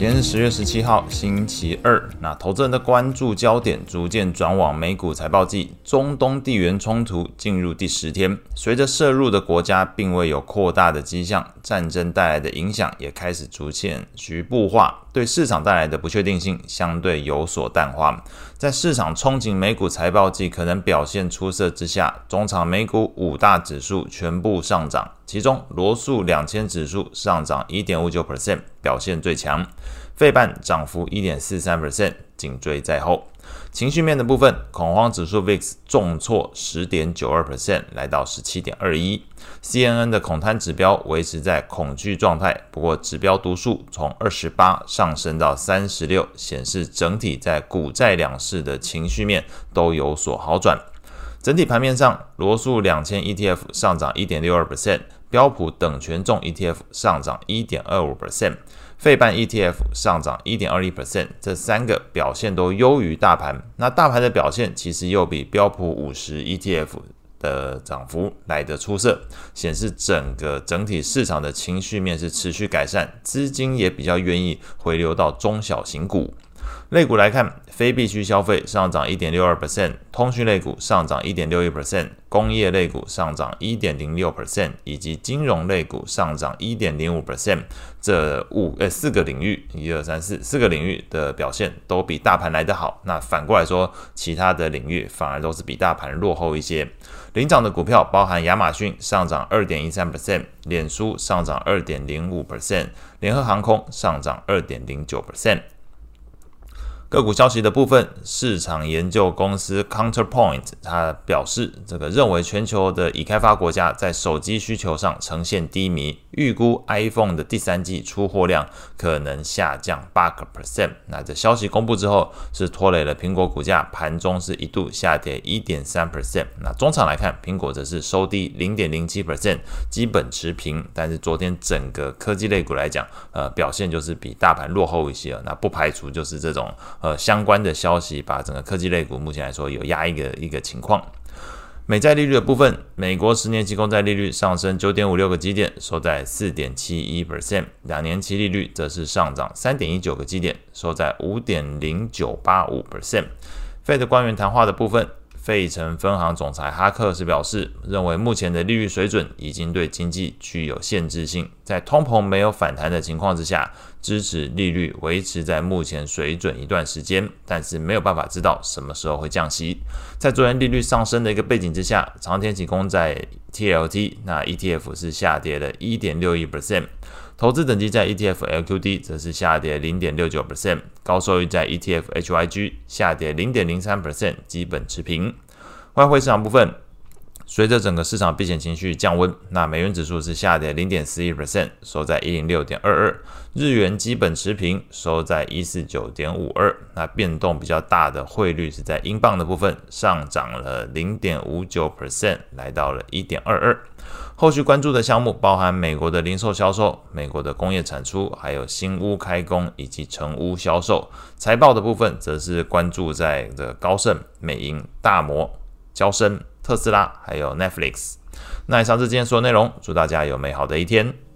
今天是十月十七號，星期二。那投資人的關注焦點逐漸轉往美股財報季。中東地緣衝突進入第十天，隨着涉入的國家並未有擴大的跡象，戰爭帶來的影響也開始逐漸局部化。對市場帶來的不確定性相對有所淡化，在市場憧憬美股財報季可能表現出色之下，終場美股五大指數全部上漲，其中羅素兩千指數上漲一點五九 percent，表現最強，費半漲幅一點四三 percent。緊追在後，情緒面的部分，恐慌指數 VIX 重挫十點九二 percent，來到十七點二一。CNN 的恐貪指標維持在恐懼狀態，不過指標讀數從二十八上升到三十六，顯示整體在股債兩市的情緒面都有所好轉。整體盤面上，羅素兩千 ETF 上漲一點六二 percent，標普等權重 ETF 上漲一點二五 percent，費半 ETF 上漲一點二一 percent，這三個表現都優於大盤。那大盤的表現其實又比標普五十 ETF 的漲幅來得出色，顯示整個整體市場的情緒面是持續改善，資金也比較願意回流到中小型股。類股來看，非必需消費上漲一點六二 percent，通訊類股上漲一點六一 percent，工業類股上漲一點零六 percent，以及金融類股上漲一點零五 percent。這五呃、欸、四個領域，一二三四四個領域的表現都比大盤來得好。那反過來說，其他的領域反而都是比大盤落後一些。領漲的股票包含亞馬遜上漲二點一三 percent，臉書上漲二點零五 percent，聯合航空上漲二點零九 percent。個股消息的部分，市場研究公司 Counterpoint 它表示，這個認為全球的已開發國家在手機需求上呈現低迷，預估 iPhone 的第三季出貨量可能下降八個 percent。那這消息公布之後，是拖累了蘋果股價，盤中是一度下跌一點三 percent。那終場來看，蘋果則是收低零點零七 percent，基本持平。但是昨天整個科技類股來講，呃，表現就是比大盤落後一些了。那不排除就是這種。呃，相關的消息把整個科技類股目前來說有壓抑的一個情況。美債利率的部分，美國十年期公債利率上升九點五六個基點，收在四點七一 percent；兩年期利率則是上漲三點一九個基點，收在五點零九八五 percent。Fed 官員談話的部分。費城分行總裁哈克是表示，認為目前的利率水準已經對經濟具有限制性，在通膨沒有反彈的情況之下，支持利率維持在目前水準一段時間，但是沒有辦法知道什麼時候會降息。在昨天利率上升的一個背景之下，長天期公債在 T L T 那 E T F 是下跌了一點六一 percent。投資等級債 ETF LQD 則是下跌零點六九 percent，高收益債 ETF HYG 下跌零點零三 percent，基本持平。外匯市場部分。隨着整個市場避險情緒降溫，那美元指數是下跌零點四一 percent，收在一零六點二二。日元基本持平，收在一四九點五二。那變動比較大的匯率是在英鎊的部分，上漲了零點五九 percent，來到了一點二二。後續關注的項目包含美國的零售銷售、美國的工業產出、還有新屋開工以及成屋銷售。財報的部分則是關注在的高盛、美銀、大摩、嬌生。特斯拉，還有 Netflix。那以上是今天所有內容，祝大家有美好的一天。